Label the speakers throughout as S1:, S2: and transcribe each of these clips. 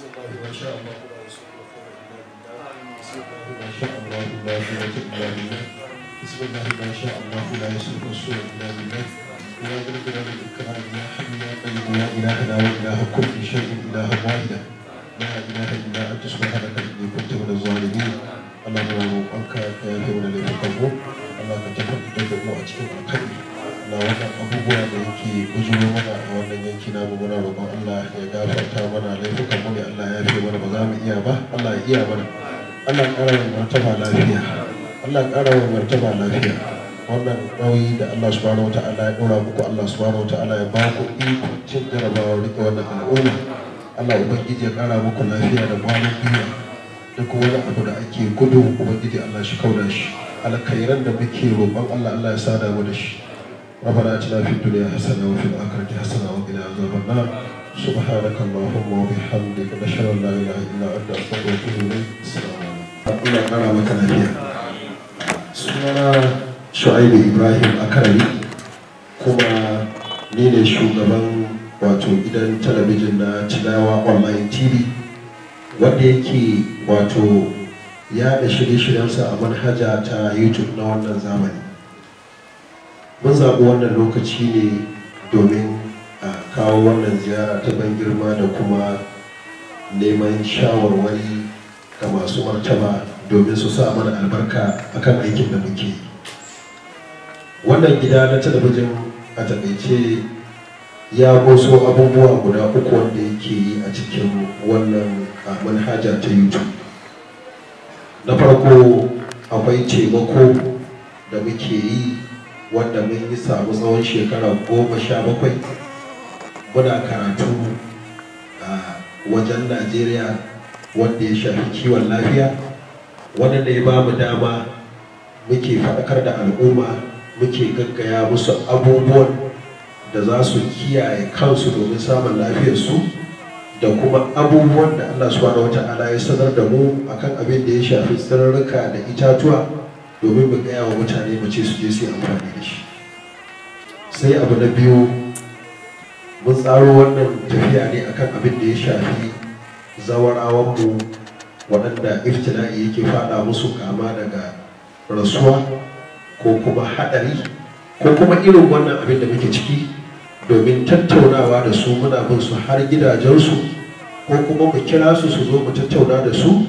S1: بسم الله ما شاء الله لا رسول الله خير عباد الله الله ما شاء الله لا قوة إلا بالله بسم الله ما شاء الله لا يسلك السوء إلا بالله يا ذا الجلال والإكرام يا حي يا قيوم يا إلهنا وإله كل شيء إله واحد لا إله إلا أنت سبحانك إني كنت من الظالمين اللهم أنك كافر للمقوم اللهم تفضل وأتيك الخير Allah wannan abubuwa da yake bujuro mana a wannan yanki na mu muna roƙon Allah ya gafarta mana laifukan mu ne Allah ya fi mana ba za mu iya ba Allah ya iya mana Allah ya ƙara wa martaba lafiya Allah ya ƙara martaba lafiya wannan nauyi da Allah subhanahu wa ta'ala ya ɗora muku Allah subhanahu wa ta'ala ya ba ku iko cin da riƙe wannan al'umma Allah ubangiji ya ƙara muku lafiya da kwanan biya duk wani abu da ake gudu ubangiji Allah shi kauda shi alkhairan da muke roƙon Allah Allah ya sada mu da shi ربنا اتنا في الدنيا حسنه وفي الاخره حسنه وقنا عذاب النار سبحانك اللهم وبحمدك نشهد ان لا اله الا انت استغفرك واتوب اليك السلام عليكم. ina kara maka lafiya sunana shu'aibu ibrahim akarari kuma ni ne shugaban wato gidan talabijin na tilawa online tv wanda yake wato yaɗa shirye-shiryensa a manhaja ta youtube na wannan zamani mun zaɓi wannan lokaci ne domin a kawo wannan ziyara ta ban girma da kuma neman shawarwari ga masu martaba domin su sa mana albarka akan aikin da muke yi wannan gida na talabijin a taƙaice ya goso abubuwa guda uku wanda yake yi a cikin wannan manhaja ta youtube na farko akwai taimako da muke yi wanda mun yi samu tsawon shekara goma sha bakwai muna karatu a wajen najeriya wanda ya shafi kiwon lafiya wanda ne ba mu dama muke faɗakar da al'umma muke gaggaya musu abubuwan da za su kiyaye kansu domin samun lafiyarsu da kuma abubuwan da Allah subhanahu ala ya sanar da mu akan abin da ya shafi tsirrika da itatuwa domin mu gaya wa mutane mu ce su je su yi amfani da shi sai abu na biyu mun tsaro wannan tafiya ne akan abin da ya shafi zawarawanmu waɗanda iftila'i yake faɗa musu kama daga rasuwa ko kuma haɗari ko kuma irin wannan abin da muke ciki domin tattaunawa da su muna bin su har gidajensu ko kuma mu kira su su zo mu tattauna da su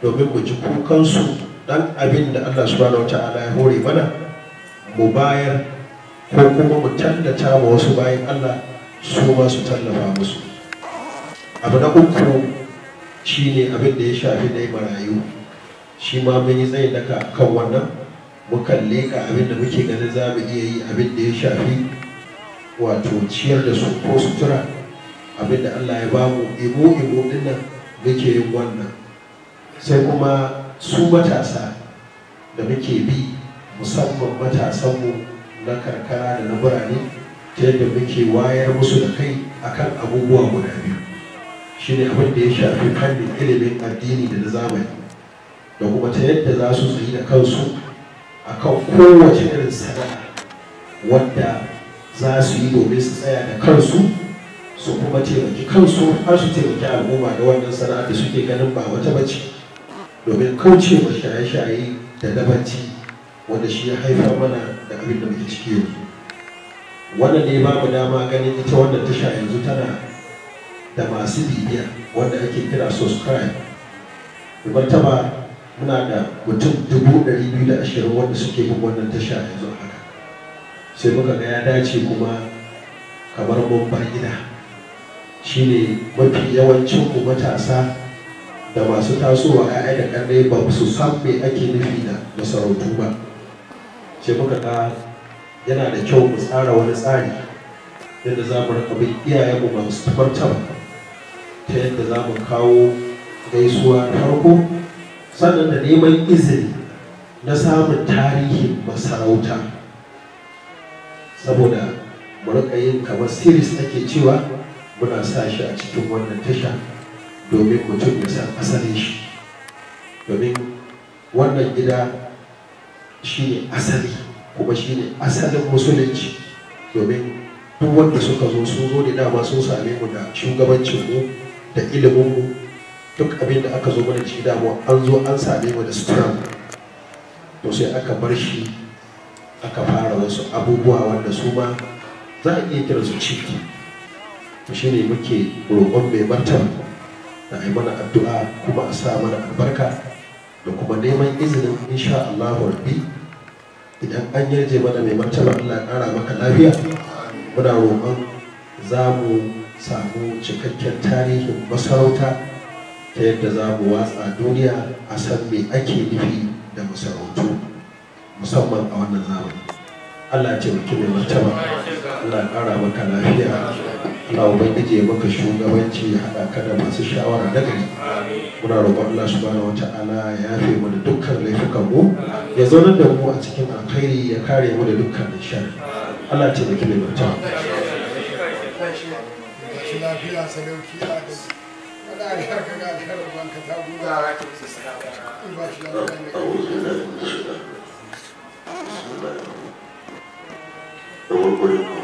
S1: domin mu ji kukansu dan abin da Allah subhanahu ta'ala ya hore mana mu bayar ko kuma mu tallata wa wasu bayan Allah su ma su tallafa musu abu na uku shine abin da ya shafi dai marayu shi ma mun yi tsayin daka kan wannan mu kalle ka abin da muke ganin za mu iya yi abin da ya shafi wato ciyar da su ko sutura abin da Allah ya bamu ibo ibo dinnan muke yin wannan sai kuma su matasa da muke bi musamman matasanmu na karkara da na birane ta yadda muke wayar musu da kai akan abubuwa guda biyu shi ne abin da ya shafi fannin ilimin addini da na zamani da kuma ta yadda za su tsayi da kansu a kan kowace irin sana'a wadda za su yi domin su tsaya da kansu su kuma taimaki kansu har su taimaki al'umma da wannan sana'a da suke ganin ba wata bace domin kauce wa shaye-shaye da dabanci wanda shi ya haifar mana da abin da muke ciki yanzu wannan ne ba mu dama ganin ita wannan tasha yanzu tana da masu bibiya wanda ake kira subscribe ta ba muna da mutum dubu ɗari biyu da ashirin wanda suke bin wannan tasha yanzu haka sai muka ga ya dace kuma kamar mun bar gida shine mafi yawancin matasa da masu tasowa ya'ya da ƙarni ba su san me ake nufi da masarautu ba ce muka ta yana da kyau mu tsara wani tsari yadda za mu rika bin iyayenmu masu martaba ta yadda za mu kawo gaisuwa farko sannan da neman izini na samun tarihin masarauta saboda mu rika yin kamar series ake cewa muna sa shi a cikin wannan tasha domin mutum ya san asalin shi domin wannan gida shi ne asali kuma shi ne asalin musulunci domin duk wanda suka zo sun zo da dama sun same mu da shugabancin mu da ilimin mu. duk abin da aka zo mana shi damu an zo an same mu da sutura to sai aka bar shi aka fara wasu abubuwa wanda su ma za a iya kira su ciki to shine muke roƙon mai martaba da yi mana addu'a kuma a sa mana albarka da kuma neman izinin insha Allah rabbi idan an yarje mana mai martaba Allah ƙara maka lafiya muna roƙon za mu samu cikakken tarihin masarauta ta yadda za mu watsa duniya a san me ake nufi da masarautu musamman a wannan zamani Allah ya taimaki mai martaba Allah ya ƙara maka lafiya Allah ubangiji ya maka shugabanci ya haɗa ka da masu shawara na gari muna roƙon Allah subhanahu wata'ala ya yafe mu da dukkan laifukan mu ya nan da mu a cikin alkhairi ya kare mu da dukkan shari Allah taimaki mai mutum Thank
S2: you.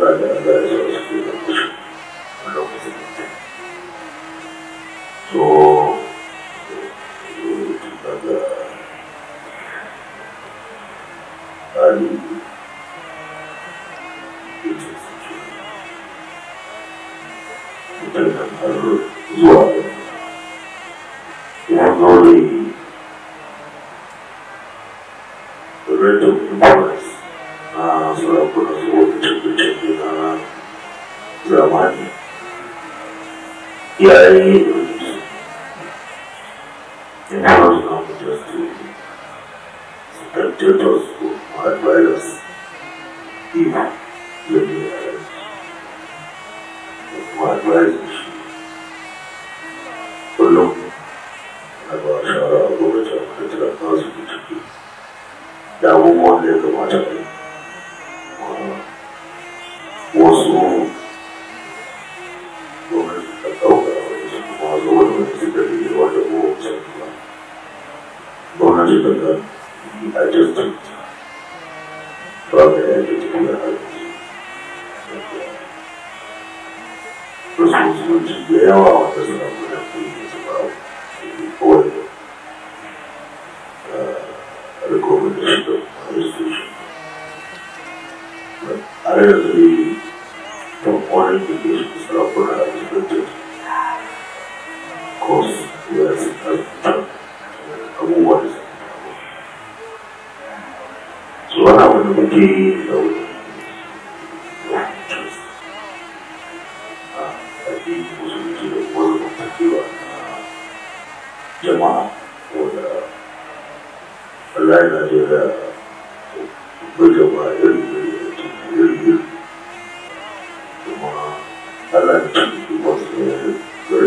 S2: vai Right. 什么？我呢？来呢？就是不怎么，怎么？再来，我是一个人。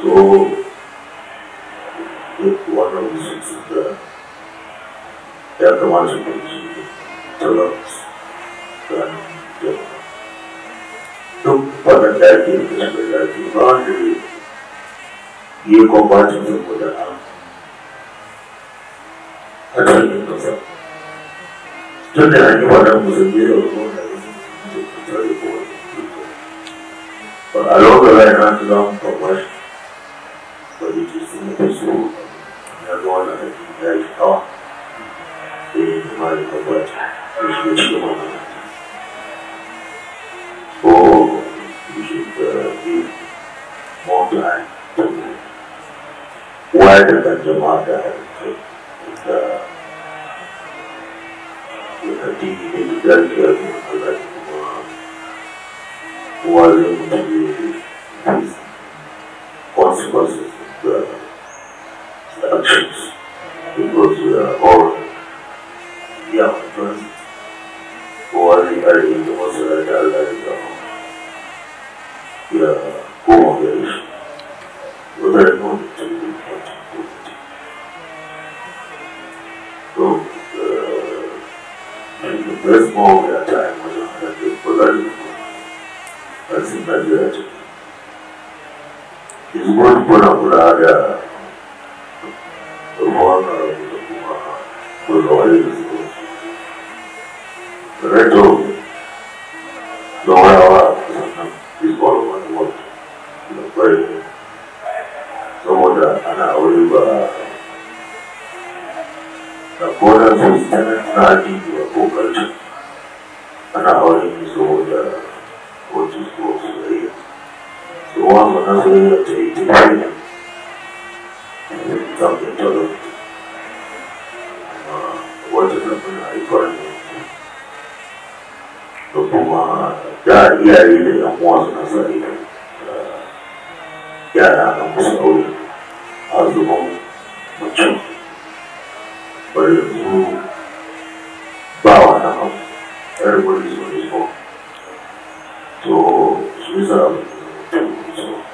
S2: तो एक water music सुनता है या कमाल से चलो तो पता है कि दुकान के लिए ये कौन चीजों को जाना अच्छा नहीं हो सकता 真的很多人不是也有多人就不在乎。But I don't know that I'm not going to wider than the mother with the with the DVD that you have like volume to consequences. no everybody is on his own. So, so these are so.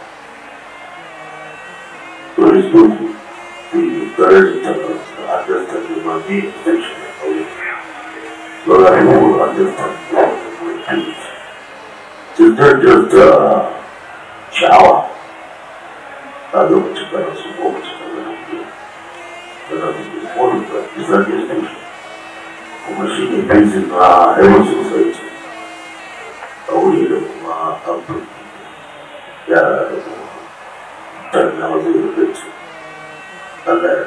S2: So it's good to be very determined and understand human being intentional. So that people understand what we do. It's not just uh, shower. I don't want to buy some water. I don't do. But I think it's one of the, it's like a station. kuma shi ne aikin na yawan sosai aure da kuma kamfani yara da kuma mutane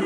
S2: na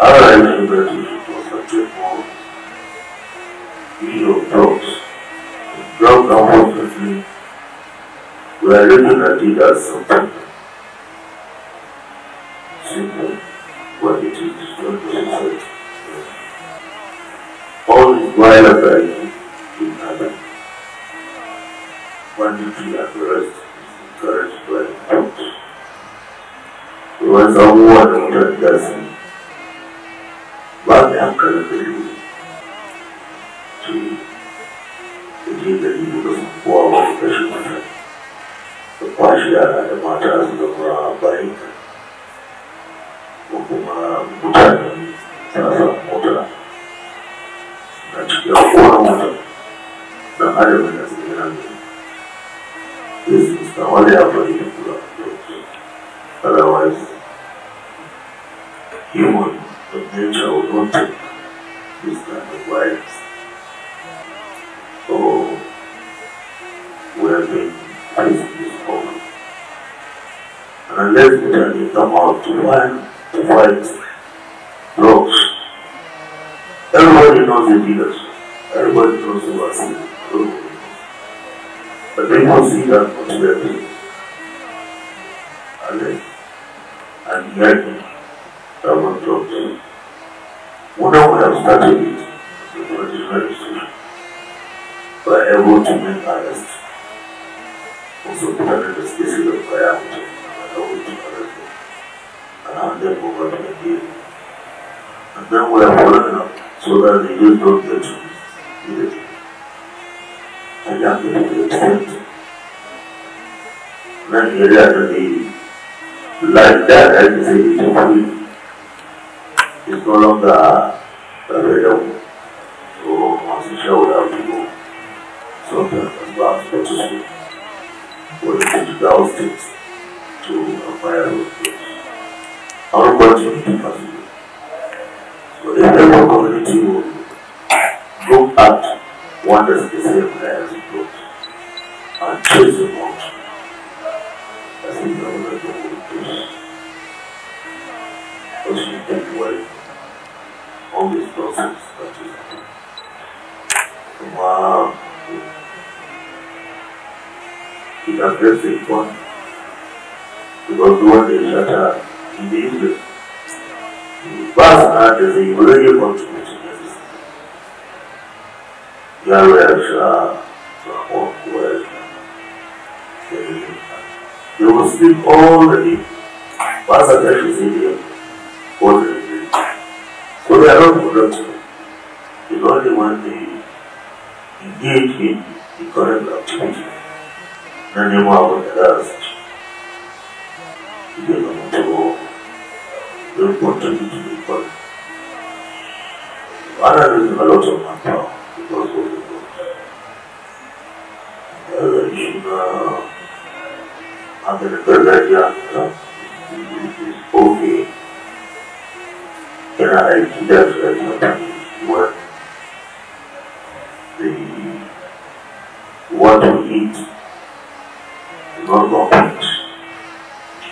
S2: Ara remembered the comfortable view of dogs. Dogs are perfectly. We are looking at it as something simple, but it is not necessary. All is well in heaven. Quantity and rest is encouraged by dogs. There was a war in that does Thank you. lives. Oh, where the life is over. And unless there is someone to learn to fight drugs, everybody knows
S3: the dealers, everybody knows the vaccine. Oh. But they don't see
S2: that possibility. And, and yet, I want to. When I was studying, i able to make arrest. Also provided the spaces of fire which were able to arrest them and hand them over to the jail. And then we are following up so that the youth don't get irritated. And young people get sent. Then you realize that the life that I can say is free is no longer available. program about purchasing for the digital to acquire those things. Our budget possible. So the community will look at what is the same as it looks and chase them out. I think that will be the whole case. Also, you can work on this process. it addresses one because one is that in the English. The past art is a really contribution to you Yahweh's uh, work They will speak all the day. Past art is all the day. So they are not productive. It's only when they engage in the correct activity. Nani mwabo ndazi. Ibyo mutego. The important to be fun. I is a lot of manpower because of the God. In uh, under uh, the Belgian uh, is okay. And I suggest that something work. The what we eat normalmente.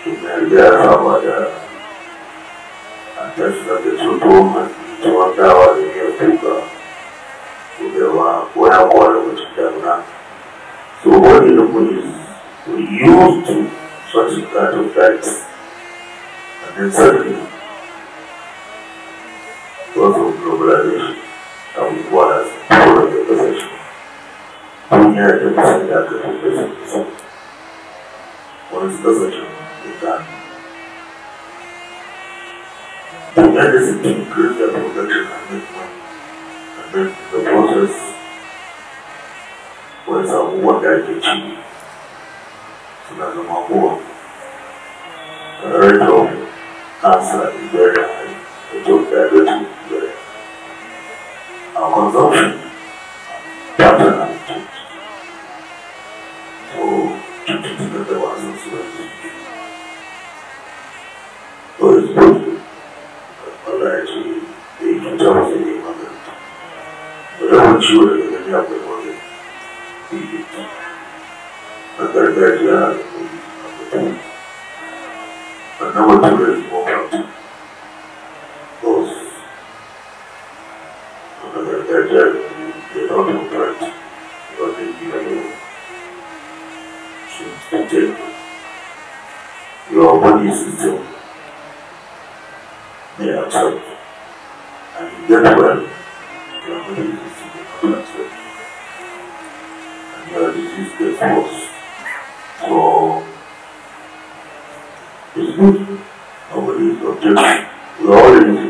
S2: Primeiro era a manhã, então, até a cidade é de Soturma, de uma galinha fuga. O meu amor é agora
S3: eu te terminar. So what did we used to such a kind of facts? And then suddenly, because of globalization, and we want us to the position. We need to send that que eu doesn't do that. But that is and then the process
S2: ci suna zama kowa. Rito, cancer, Iberia, the joke that Our consumption And are nowhere. They're And their disease gets worse. So, Nobody is objecting. We're in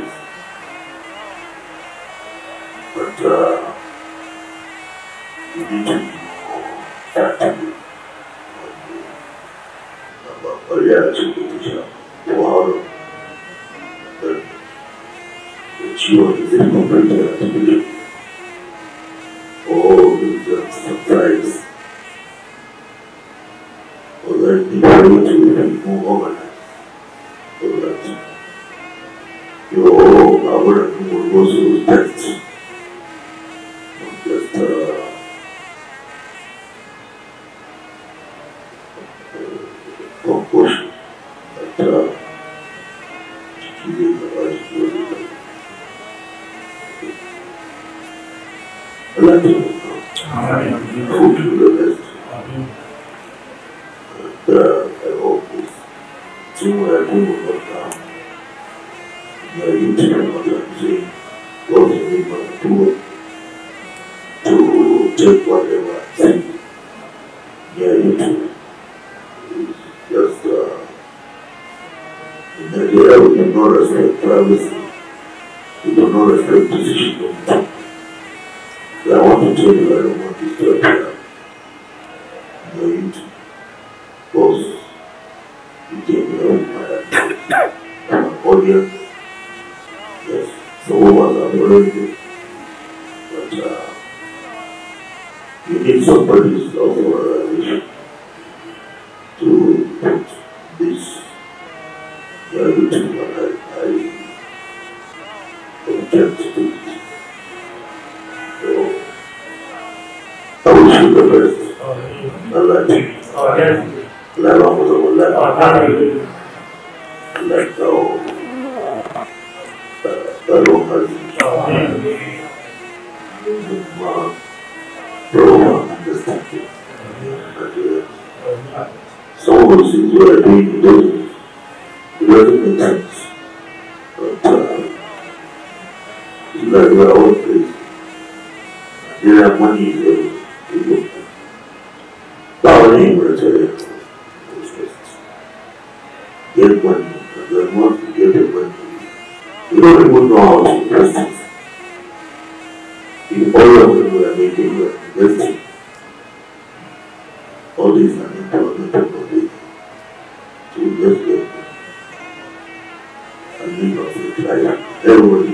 S2: to take whatever we have no respect for everything. We have no respect to decision. So I want to tell you, I don't want this to appear. No, you too. Boss, you gave not all my advice. i audience. Yes, so what was I already But uh, you need somebody who's also a relationship. otros, de la que Paolo Inglaterra, del buen del de los de y no recuerdo a los Y hoy que iba a es la mente de nuestro poder, su Dios de al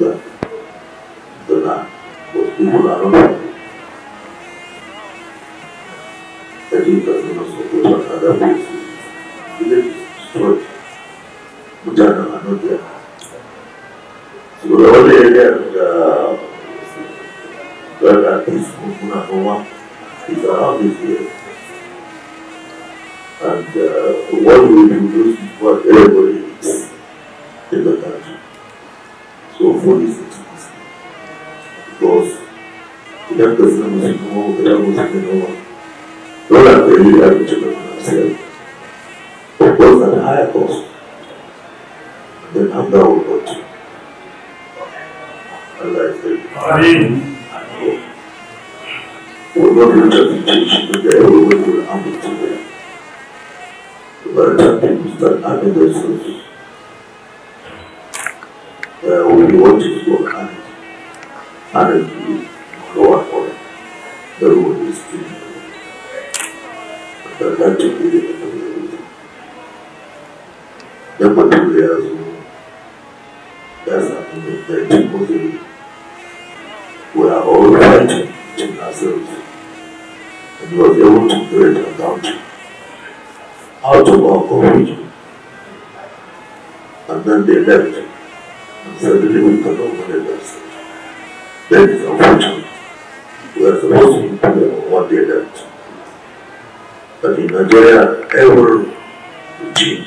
S2: not that the land, but people are not happy. Edith has been supported at other places. Village is destroyed. Mujana are not there. So the only area that, uh, that are peaceful, Muna Noma, is around this area. And uh, what we will do is what everybody police. Because idan ka zama mai kuma idan No, nawa no. ka yi a rubuce da kuma sayar. That was at a higher cost than Hamza would go to. Allah ya tsaye. Amin. Wannan mutane ce shi da ya yi wani wani amince da ya. Ba ta fi musta abin da ya sauke. uh, are all fighting in ourselves and we able to create a country out of our community and then they left they're dealing That is unfortunate. We are supposed to what they left. But in Nigeria, every regime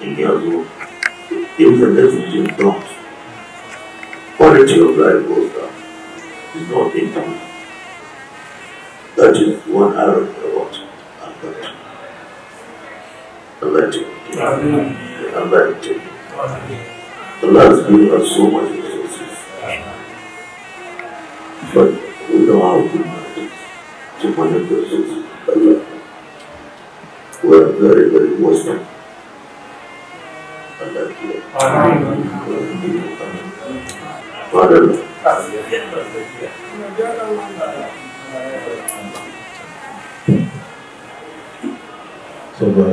S2: in Yazoo, if the next regime comes, quality of life goes down. It's not improved. That is one arrow about Africa. Allah take you. Allah take Allah has given us so much resources. But we know how to manage to manage the resources. We are very, very wisdom. Father. So, uh,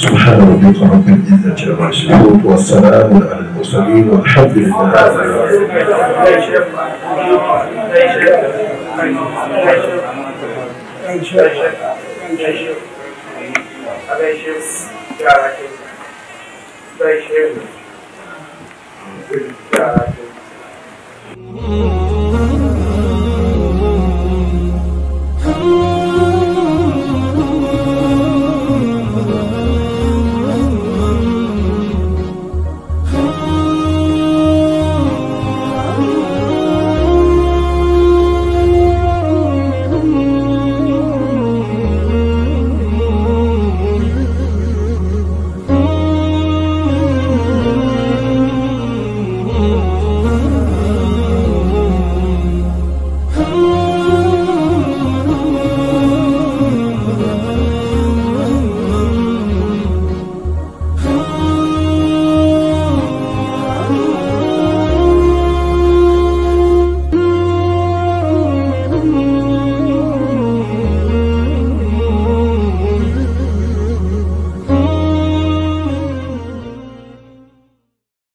S1: سبحان ربك رب العزة عما يصفون والسلام على المرسلين والحمد لله رب
S3: العالمين